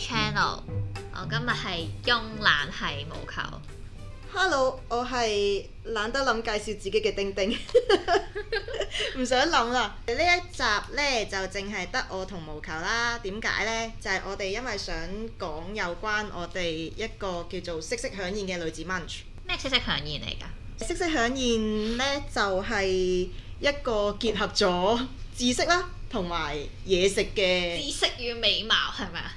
channel，我今日係慵懶係毛球。Hello，我係懶得諗介紹自己嘅丁丁，唔想諗啦。呢一集呢就淨係得我同毛球啦。點解呢？就係我哋因為想講有關我哋一個叫做色識嚮宴嘅女子 Munch 咩？色識嚮宴嚟噶？色識嚮宴呢就係一個結合咗知識啦，同埋嘢食嘅知識與美貌係咪啊？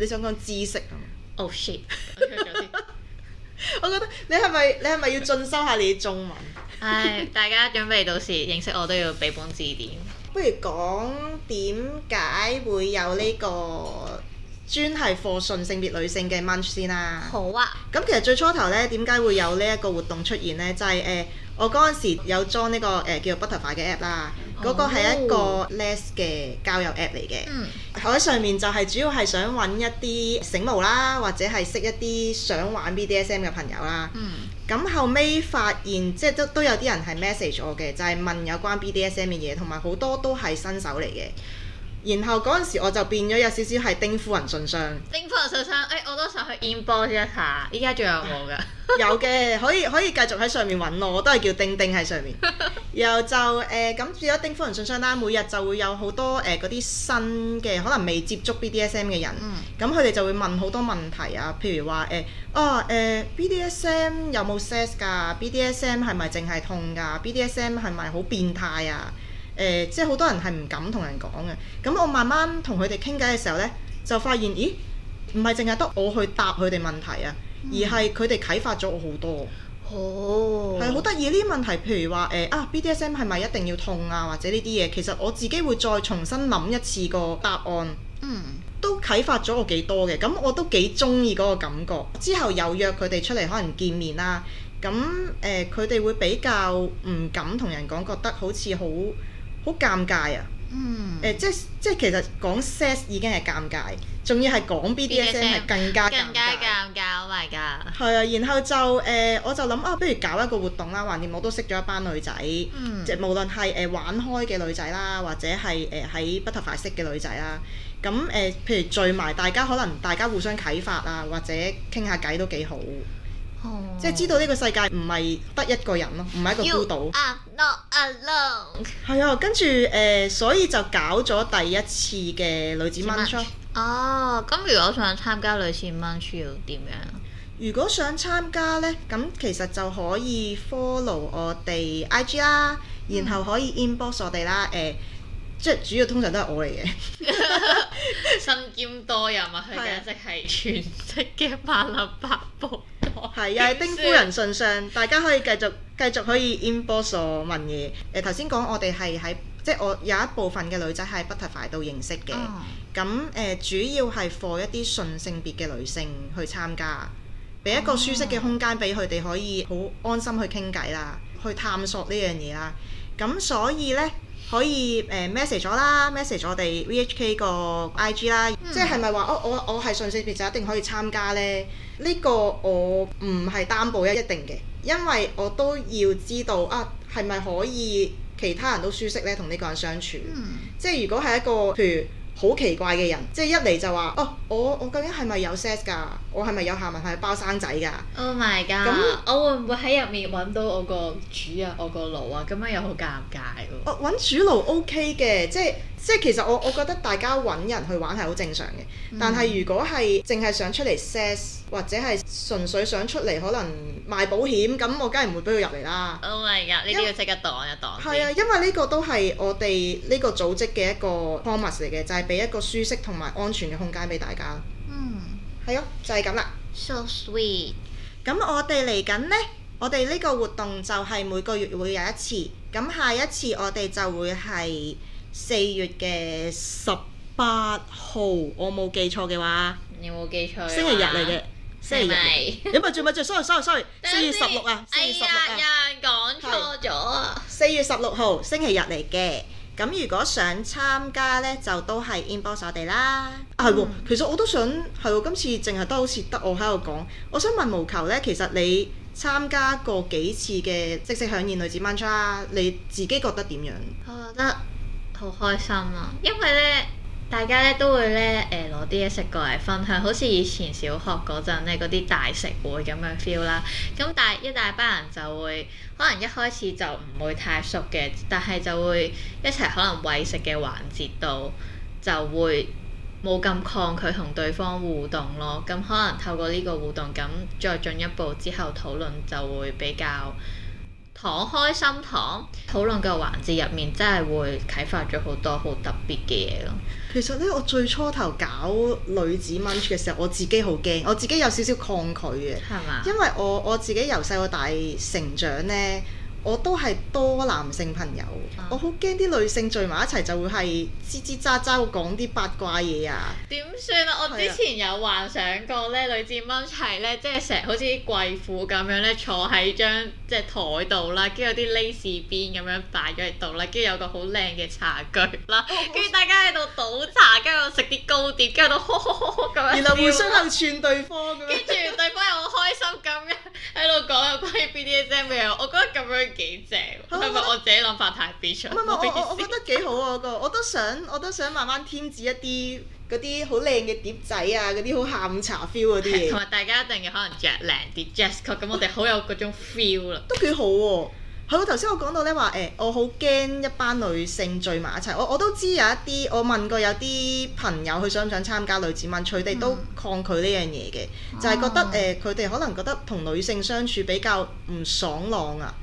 你想講知識啊？Oh shit！Okay, 我覺得你係咪你係咪要進修下你嘅中文？唉 ，大家準備到時認識我都要俾本字典。 不如講點解會有呢、呢個？專係順性別女性嘅 Munch 先啦。好啊。咁其實最初頭呢點解會有呢一個活動出現呢？就係、是、誒、呃，我嗰陣時有裝呢、這個誒、呃、叫做 Butterfly 嘅 app 啦，嗰、哦、個係一個 les 嘅交友 app 嚟嘅。嗯。我喺上面就係主要係想揾一啲醒目啦，或者係識一啲想玩 BDSM 嘅朋友啦。咁、嗯、後尾發現，即、就、係、是、都都有啲人係 message 我嘅，就係、是、問有關 BDSM 嘅嘢，同埋好多都係新手嚟嘅。然後嗰陣時我就變咗有少少係丁夫人信箱。丁夫人信箱，誒、哎、我都想去 inbox 一下。依家仲有冇㗎？ 有嘅，可以可以繼續喺上面揾我，我都係叫丁丁喺上面。 然後就誒咁，如、呃、果丁夫人信箱啦，每日就會有好多誒嗰啲新嘅，可能未接觸 BDSM 嘅人，咁佢哋就會問好多問題啊。譬如話誒，哦誒 BDSM 有冇 sex 㗎？BDSM 係咪淨係痛㗎？BDSM 係咪好變態啊？呃誒、呃，即係好多人係唔敢同人講嘅。咁我慢慢同佢哋傾偈嘅時候呢，就發現，咦，唔係淨係得我去答佢哋問題啊，嗯、而係佢哋啟發咗我好多。哦，係好得意。呢啲問題，譬如話誒啊、呃、BDSM 係咪一定要痛啊，或者呢啲嘢，其實我自己會再重新諗一次個答案。嗯、都啟發咗我幾多嘅。咁我都幾中意嗰個感覺。之後又約佢哋出嚟可能見面啦。咁誒，佢、呃、哋會比較唔敢同人講，覺得好似好。好尷尬啊！嗯，誒即即其實講 sex 已經係尷尬，仲要係講 b d s m 係 DS 更加尷尬，尷尬好埋係啊。 oh、God 然後就誒、呃，我就諗啊，不如搞一個活動啦。橫掂我都識咗一班女仔，嗯、即無論係誒玩開嘅女仔啦，或者係誒喺不透快識嘅女仔啦。咁、嗯、誒、呃，譬如聚埋大家，可能大家互相啟發啊，或者傾下偈都幾好。即係知道呢個世界唔係得一個人咯，唔係一個孤島。係啊，跟住誒、呃，所以就搞咗第一次嘅女子 Munch< 麼>。哦，咁如果想參加女子 Munch 要點樣？如果想參加，加呢，咁其實就可以 follow 我哋 IG 啦，然後可以 inbox 我哋啦。誒、呃，即係主要通常都係我嚟嘅，身 兼多任務嘅，即係全職嘅萬能百寶。係啊，丁夫人信上， 大家可以繼續繼續可以 inbox 問嘢。誒頭先講我哋係喺，即係我有一部分嘅女仔係 Butterfly 度認識嘅。咁誒、嗯呃、主要係 for 一啲順性別嘅女性去參加，俾一個舒適嘅空間俾佢哋可以好安心去傾偈啦，去探索呢樣嘢啦。咁所以呢，可以誒、呃、message 咗啦、嗯，message 咗我哋 VHK 個 IG 啦，即係咪話哦，我我係順性別就一定可以參加呢？呢、呢個我唔係擔保一一定嘅，因為我都要知道啊，係咪可以其他人都舒適呢？同呢個人相處？嗯、即係如果係一個譬如好奇怪嘅人，即係一嚟就話哦。Oh my god, 我我究竟係咪有 sex 㗎？我係咪有，有下文係包生仔㗎？Oh my god！咁樣我會唔會喺入面揾到我個主啊，我個奴啊？咁啊又好尷尬喎、啊！揾、啊、主奴 OK 嘅，即係即係其實我我覺得大家揾人去玩係好正常嘅。但係如果係淨係想出嚟 sex，或者係純粹想出嚟可能賣保險，咁我梗係唔會俾佢入嚟啦。Oh my god！你都要即刻擋一擋。係啊，因為呢個都係我哋呢個組織嘅一個 promise 嚟嘅，就係、是、俾一個舒適同埋安全嘅空間俾大家。嗯，係咯、哦，就係咁啦。So sweet。咁我哋嚟緊呢，我哋呢個活動就係每個月會有一次。咁下一次我哋就會係四月嘅十八號，我冇記錯嘅話。你冇記錯。星期日嚟嘅。星期日嚟？有咪住咪住。sorry sorry sorry。四月十六啊！四月十六啊！講錯咗啊！四月十六號星期日嚟嘅。咁如果想參加呢，就都係 inbox 我哋啦。係喎、嗯啊，其實我都想係喎，今次淨係得好似得我喺度講。我想問毛球呢？其實你參加過幾次嘅即係嚮宴女子 Munch 你自己覺得點樣？我覺得好開心啊，因為呢。大家咧都會咧誒攞啲嘢食過嚟分享，好似以前小學嗰陣咧嗰啲大食會咁嘅 feel 啦。咁但係一大班人就會可能一開始就唔會太熟嘅，但係就會一齊可能餵食嘅環節度就會冇咁抗拒同對方互動咯。咁可能透過呢個互動，咁再進一步之後討論就會比較，糖開心糖討論嘅環節入面，真係會啟發咗好多好特別嘅嘢咯。其實呢，我最初頭搞女子 Munch 嘅時候，我自己好驚，我自己有少少抗拒嘅，係嘛？因為我我自己由細到大成長呢。我都係多男性朋友，嗯、我好驚啲女性聚埋一齊就會係吱吱喳喳講啲八卦嘢啊！點算啊？我之前有幻想過咧，是的 女子 Munch 咧，即係成日好似啲貴婦咁樣咧，坐喺張即係枱度啦，跟住有啲 lace 邊咁樣擺咗喺度啦，跟住有個好靚嘅茶具啦，跟住大家喺度倒茶，跟住食啲糕點，跟住喺度呵呵呵呵咁樣笑，然後互相能串對方咁樣。我有關於 BDSM 嘅嘢，咩啊？我覺得咁樣幾正，係咪？我自己諗法太別出，唔係唔係，我我覺得幾好啊！嗰個我都想，我都想慢慢添置一啲嗰啲好靚嘅碟仔啊，嗰啲好下午茶 feel 嗰啲嘢。同埋大家一定要可能着靚啲 jazz 曲。c 咁我哋好有嗰種 feel 啦。都幾好喎、啊！係喎，頭先我講到咧話，誒、欸、我好驚一班女性聚埋一齊，我我都知有一啲，我問過有啲朋友佢想唔想參加女子 Munch，佢哋都抗拒呢樣嘢嘅，嗯、就係覺得誒佢哋可能覺得同女性相處比較唔爽朗啊。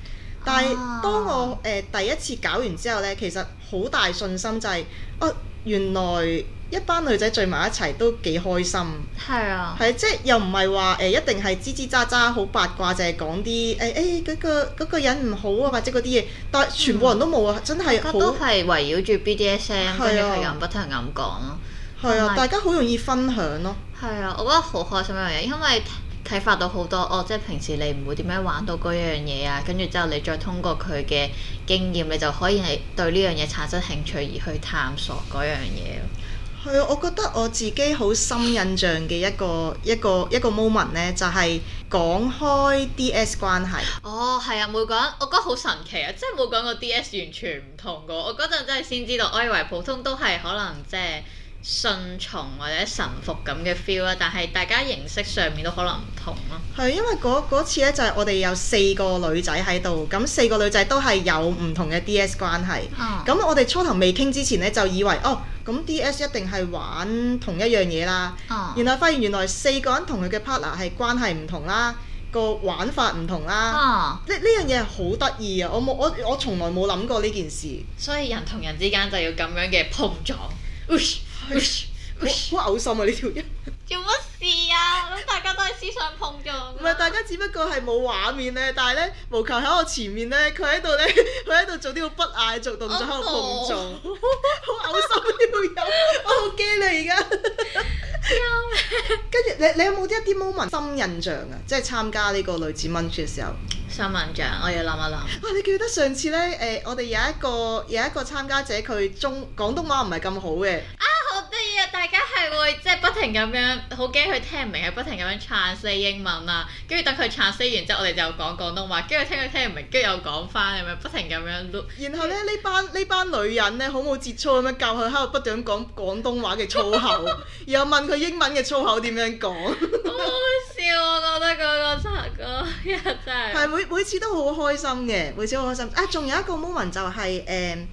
但係當我誒、欸、第一次搞完之後咧，其實好大信心就係、是、我。啊原來一班女仔聚埋一齊都幾開心，係啊，係啊，即係又唔係話誒一定係吱吱喳喳好八卦，淨係講啲誒誒嗰個嗰個人唔好啊，或者嗰啲嘢，但係全部人都冇、嗯、啊，真係都係圍繞住 BDSM 跟住係咁不停咁講咯，係啊，是大家好容易分享咯、啊，係啊，我覺得好開心一樣嘢，因為。啟發到好多哦！即係平時你唔會點樣玩到嗰樣嘢啊，跟住之後你再通過佢嘅經驗，你就可以嚟對呢樣嘢產生興趣而去探索嗰樣嘢。係啊，我覺得我自己好深印象嘅一個一個一個 moment 呢，就係、是、講開 DS 關係。哦，係啊，冇講，我覺得好神奇啊！即係冇講過 DS 完全唔同嘅，我嗰陣真係先知道，我以為普通都係可能即、就、係、是。順從或者臣服咁嘅 feel 啦，但係大家形式上面都可能唔同咯。係因為嗰次呢，就係、是、我哋有四個女仔喺度，咁四個女仔都係有唔同嘅 DS 關係。咁、啊、我哋初頭未傾之前呢，就以為哦，咁 DS 一定係玩同一樣嘢啦。然後、啊、發現原來四個人同佢嘅 partner 係關係唔同啦，個玩法唔同啦。呢呢樣嘢係好得意啊！我冇我我從來冇諗過呢件事，所以人同人之間就要咁樣嘅碰撞。呃好好嘔心啊！呢條人做乜事啊？我諗大家都係思想碰撞，唔係大家只不過係冇畫面咧。但係咧，毛球喺我前面咧，佢喺度咧，佢喺度做啲好不雅嘅動作，喺度碰撞，好嘔心呢條友，我好驚你而家跟住你，你有冇啲一啲 moment 深印象啊？即係參加呢個女子 Munch 嘅時候，深印象我要諗一諗啊！你記得上次咧？誒，我哋有一個有一個參加者，佢中廣東話唔係咁好嘅。大家係會即係、就是、不停咁樣好驚佢聽唔明，係不停咁樣 translate 英文啊，跟住等佢 translate 完之後，我哋就講廣東話，跟住聽佢聽唔明，跟住又講翻咁樣，不停咁樣，然後咧，呢班呢班女人咧，好冇節操咁樣教佢喺度不斷咁講廣東話嘅粗口， 然後又問佢英文嘅粗口點樣講。好笑，我覺得嗰個插歌真係。係每每次都好開心嘅，每次好開心。啊，仲有一個 moment 就係、是、誒。嗯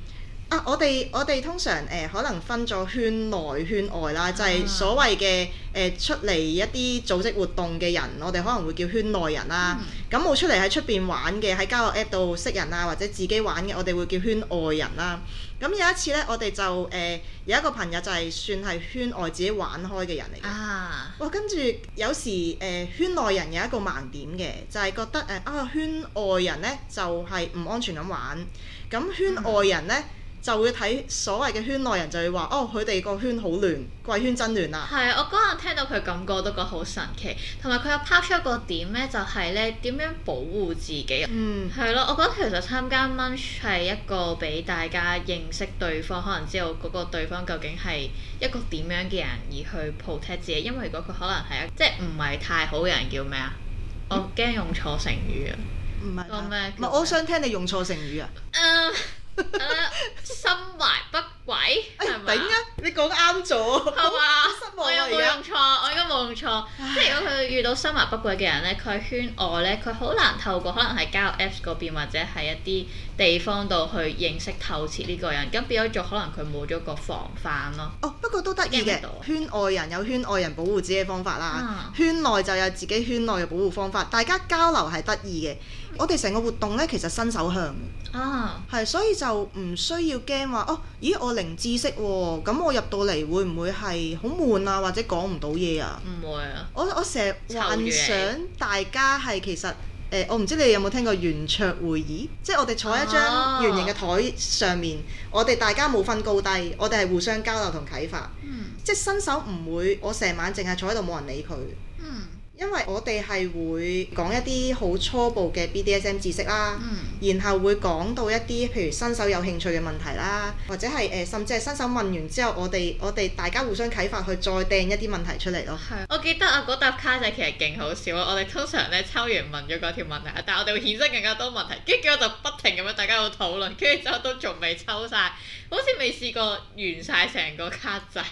啊！我哋我哋通常誒、呃、可能分咗圈內圈外啦，啊、就係所謂嘅誒、呃、出嚟一啲組織活動嘅人，我哋可能會叫圈內人啦。咁冇、嗯嗯嗯、出嚟喺出邊玩嘅，喺交友 App 度識人啊，或者自己玩嘅，我哋會叫圈外人啦。咁有一次咧，我哋就誒有一個朋友就係算係圈外自己玩開嘅人嚟嘅。哇、嗯！跟、嗯、住有時誒、呃、圈內人有一個盲點嘅，就係、是、覺得誒、呃、啊圈外人咧就係、是、唔安全咁玩。咁圈外人咧～、嗯就會睇所謂嘅圈內人，就會話哦，佢哋個圈好亂，貴圈真亂啊。係啊，我嗰日聽到佢感覺都覺得好神奇。同埋佢又拋出一個點呢，就係呢點樣保護自己啊？嗯，係咯，我覺得其實參加 Munch 係一個俾大家認識對方，可能知道嗰個對方究竟係一個點樣嘅人，而去 protect 自己。因為如果佢可能係一即係唔係太好嘅人叫，叫咩、嗯、啊？我驚用錯成語啊！唔係，唔係，我想聽你用錯成語啊！呃心懷、uh，不軌，頂啊、哎呦吧！你講啱咗，係嘛？我有冇用錯，我應該冇用錯。即係唉如果佢遇到心懷不軌嘅人呢，佢圈外呢，佢好難透過，可能係交友 Apps 嗰邊或者係一啲地方度去認識透徹呢個人，咁變咗做，可能佢冇咗個防範咯。哦，不過都得意嘅，圈外人有圈外人保護自己嘅方法啦，嗯、圈內就有自己圈內嘅保護方法，大家交流係得意嘅。我哋成個活動呢，其實新手向嘅，係、啊、所以就唔需要驚話哦。咦，我零知識喎、哦，咁、嗯、我入到嚟會唔會係好悶啊，或者講唔到嘢啊？唔會啊！我我成日幻想大家係其實誒、呃，我唔知你哋有冇聽過圓桌會議，啊、即係我哋坐喺一張圓形嘅台上面，啊、我哋大家冇分高低，我哋係互相交流同啟發，嗯、即係新手唔會我成晚淨係坐喺度冇人理佢。嗯因為我哋係會講一啲好初步嘅 BDSM 知識啦，嗯、然後會講到一啲譬如新手有興趣嘅問題啦，或者係誒、呃、甚至係新手問完之後，我哋我哋大家互相啟發去再掟一啲問題出嚟咯。係，我記得啊，嗰沓卡仔其實勁好笑啊！我哋通常咧抽完問咗嗰條問題，但係我哋會衍生更加多問題，跟住我就不停咁樣大家去討論，跟住之後都仲未抽晒，好似未試過完晒成個卡仔。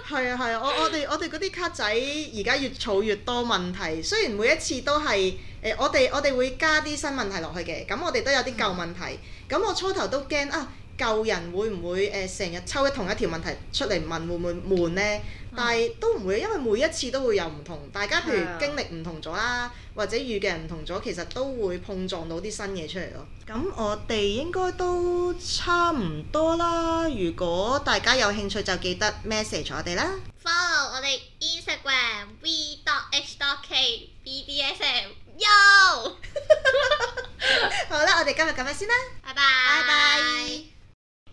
係啊係啊，我我哋我哋嗰啲卡仔而家越儲越多問題，雖然每一次都係誒、呃，我哋我哋會加啲新問題落去嘅，咁我哋都有啲舊問題，咁、嗯、我初頭都驚啊。舊人會唔會誒成日抽一同一條問題出嚟問會唔會悶呢？但係都唔會，因為每一次都會有唔同，大家譬如經歷唔同咗啦，啊、或者遇嘅人唔同咗，其實都會碰撞到啲新嘢出嚟咯。咁我哋應該都差唔多啦。如果大家有興趣，就記得 message 我哋啦。Follow 我哋 Instagram V H dot K B D S M yo 好啦，我哋今日咁樣先啦，拜拜。